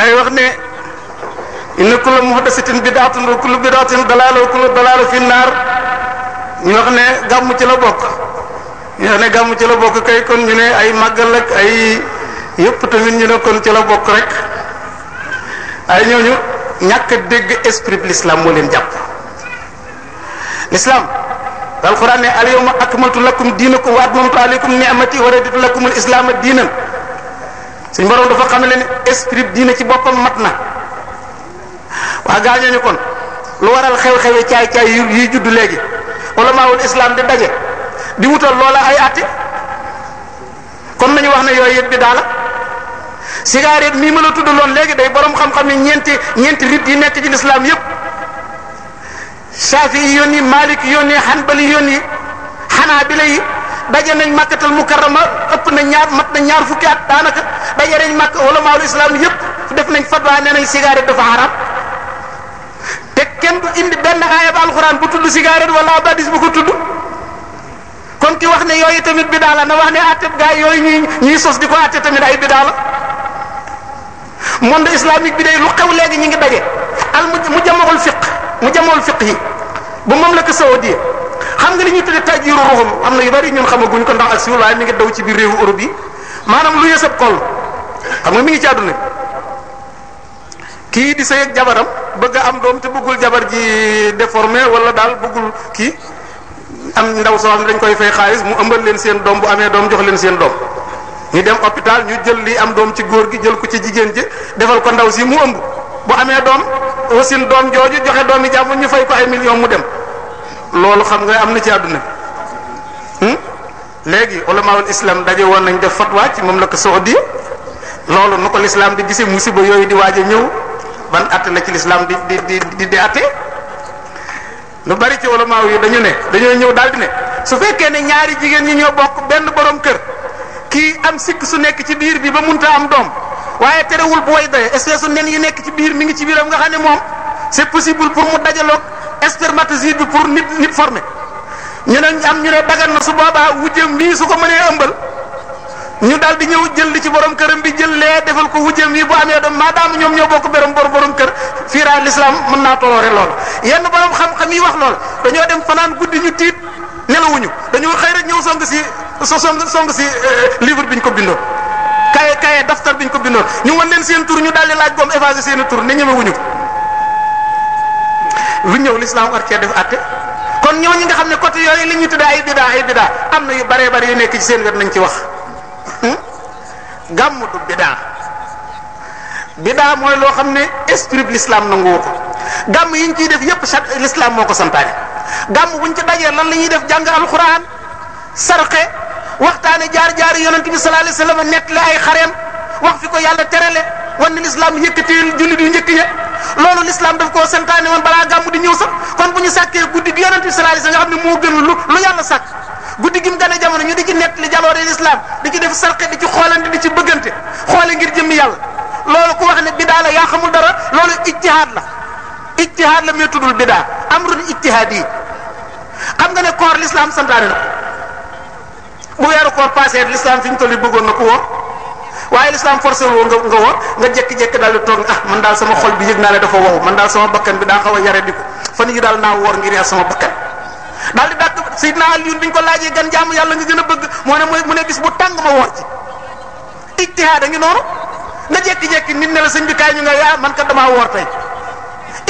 day wax ne inna kullu muhdasatin bid'atun wa kullu bid'atin dalaala wa kullu dalaala naar ñu wax ne gàmm ci la bokk ñu wax ne gàmm ci la bokk kay kon ñu ne ay màggal ak ay yëpp tamit ñu ne kon ci la bokk rek ay ñooñu ñàkk dégg esprit bi l'islam moo leen jàpp l'islam alquran ne al yawma akmaltu lakum diinakum wa atmamtu alaykum ni'mati wa raditu lakum al islaama diinan suñ borom dafa xam ne leen esprit diine ci boppam mat na waa gaañoo ñu kon lu waral xew-xewi caay-caay yu yuy judd léegi ulamaawul islam di daje di wutal loola ay àtte kon nañu wax ne yooyu yëpp bi daala sigaar mii ma la tuddaloon léegi day borom xam-xam yi ñeenti ñeenti rit yi nekk ci lislaam yëpp saafi yi yoon yi maalik yoon yi hanbali yoon yi xanaabila yi daje nañ makkatal mukarrama ëpp na ñaar mat na ñaar fukki at daanaka daje nañ makk wala maawul islam yëpp def nañ fatwa nee nañ cigarette dafa haram te kenn du indi benn aayab alquran bu tudd cigarette wala abadis bu ko tudd kon ki wax ne yooyu tamit bidaa la na wax ne àtte gaa yooyu ñuy ñuy sos di ko àtte tamit ay bidaa la monde islamique bi day lu xew léegi ñu ngi daje al mu jamaul fiq mu jamaul fiq yi bu moom la ko saoudie xam nga li ñuy tudde tajiru ruxum am na yu bari ñun xamaguñ ko ndax ak siwul waaye mi ngi daw ci biir réewu Europe yi maanaam lu yësab kol xam nga mi ngi ci àdduna kii di sëy jabaram bëgg am doom te bëggul jabar ji déformé wala daal bëggul kii am ndaw soo dañ koy fay xaalis mu ëmbal leen seen doom amee doom jox leen seen doom ñu dem hôpital ñu jël li am doom ci góor gi jël ko ci jigéen ji defal ko ndaw si mu ëmb bu amee doom wasin doom jooju joxe doom yi jàmm ñu fay ko ay million mu dem loolu xam nga am na ci àdduna bi hmm? léegi ulamaawul islam daje woon nañ def fatwa ci moom la ko Saudi loolu nu ko lislaam di gisee musiba yooyu di waaj a ñëw ban atte la ci lislaam di di di di atte lu bari ci ulamaaw yi dañu ne dañoo ñëw daal di ne su fekkee ne ñaari jigéen ñi ñoo bokk benn borom kër kii am sikk su nekk ci biir bi ba munta am doom waaye terewul bu way doye espèce su nen yi nekk ci biir mi ngi ci biiram nga xam ne moom c'est possible pour mu dajaloog spermatozoïde bi pour nit nit formé ñu ne am ñu ne dagan na su boobaa wujjam bii su ko mënee ëmbal ñu daal di ñëw jël li ci borom këram bi jël lee defal ko wujjam yi bu amee doom maadaama ñoom ñoo bokk berom bor borom kër fiira l'islam mën naa toloore loolu yenn borom xam-xam yi wax lool dañoo dem fanaan guddi ñu tiit nelawuñu dañoo xëy rek ñëw song si song song si eh, livre biñ ko bindoo kaye kaye daftar biñ ko bindoon ñu wan leen seen tur lu ñëw lislaam war cee def àtte kon ñu nga xam ne côté yooyu li ñuy tuddee ay bidaa ay bidaa am na yu baree bari yu nekk ci seen wet nañ ci wax hmm? gàmm du bidaa bidaa mooy loo xam ne esprit bi lislaam nanguwu ko gàmm yi ñu ciy def yépp chaque lislaam ko santaane gàmm buñ ci dajee lan la ñuy def jàng alxuraan sarxe waxtaane jaar jaar yonent bi sallallahu alayhi wasallam nett la ay xareem wax fi ko yàlla terale wan ne lislaam yëkkati jullit yu njëkk ña loolu l'islam daf koo santaane woon balaa gàmm di ñëw sax kon bu ñu sàkkee guddi gi yonent bi sallallahu alayhi wasallam nga xam ne moo gënul lu lu yàlla sàkk guddi gi mu gën a jamono ñu di ci nettali jaloore l'islam di ci def sarxe di ci xoolante di ci bëggante xoole ngir jëmmi yàlla loolu ku wax ne bidaa la yaa xamul dara loolu ijtihaad la ijtihaad la mais tuddul bidaa amrun ijtihaad yi xam nga ne koor l'islam santaane na bu weeru koor passé l'islam fi ñu toll na ko woo waaye lislaam forcé woo nga nga woor nga jékki-jékki daal di toog ne ah man daal sama xol bi yëg naa ne dafa wow man daal sama bakkan bi daa xaw yare di ko fan yi daal naa woor ngir yar sama bakkan daal di dàkk Seydina Alioune bi ñu ko laajee gan jàmm yàlla nga gën a bëgg moo ne mu ne bis bu tàng ma woor ci ijtihaad a ngi noonu nga jékki-jékki nit ne la sëñ bi kaay ñu nga yaa man kat damaa woor tey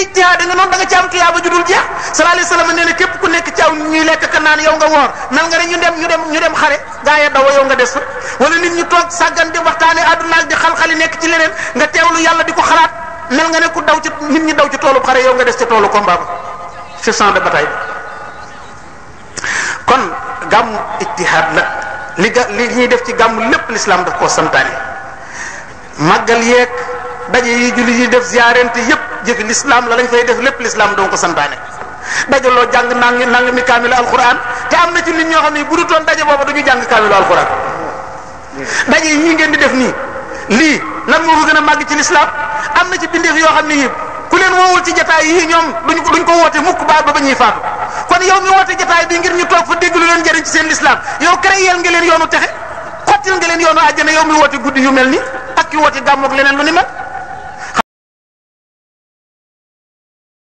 ijtihaad nga noonu da nga ci am tuyaaba ju dul jeex sallallahu alayhi wasallam nee na képp ku nekk ci aw ñuy lekk ka naan yow nga woor nan nga ne ñu dem ñu dem ñu dem xare gaa ya dawa yow nga des fa wala nit ñu toog sàggan di waxtaane àdduna di xal-xali nekk ci leneen nga teewlu yàlla di ko xalaat mel nga ne ku daw ci nit ñi daw ci toolu xare yow nga des ci toolu combat ba ci champ de bataille kon gàmmu ijtihaad la li ga li ñuy def ci gàmmu lépp l'islam daf koo santaane màggal yeeg daje yi julli yi def ziarente yépp jëfi lislaam la lañ fay def lépp lislaam doo ko santaane dajaloo jàng nangi ni mi kaamilu alquran te am na ci nit ñoo xam ne bu du toon daje booba duñu jàng kaamilu alquran daje yi ngeen di def nii lii lan moo ko gën a màgg ci lislaam am na ci bindeef yoo xam ne yëpp ku leen woowul ci jataay yii ñoom duñ ko ko woote mukk ba ba ñuy faatu kon yow mi woote jataay bi ngir ñu toog fa dégg lu leen jëriñ ci seen lislaam yow créé nga leen yoonu texe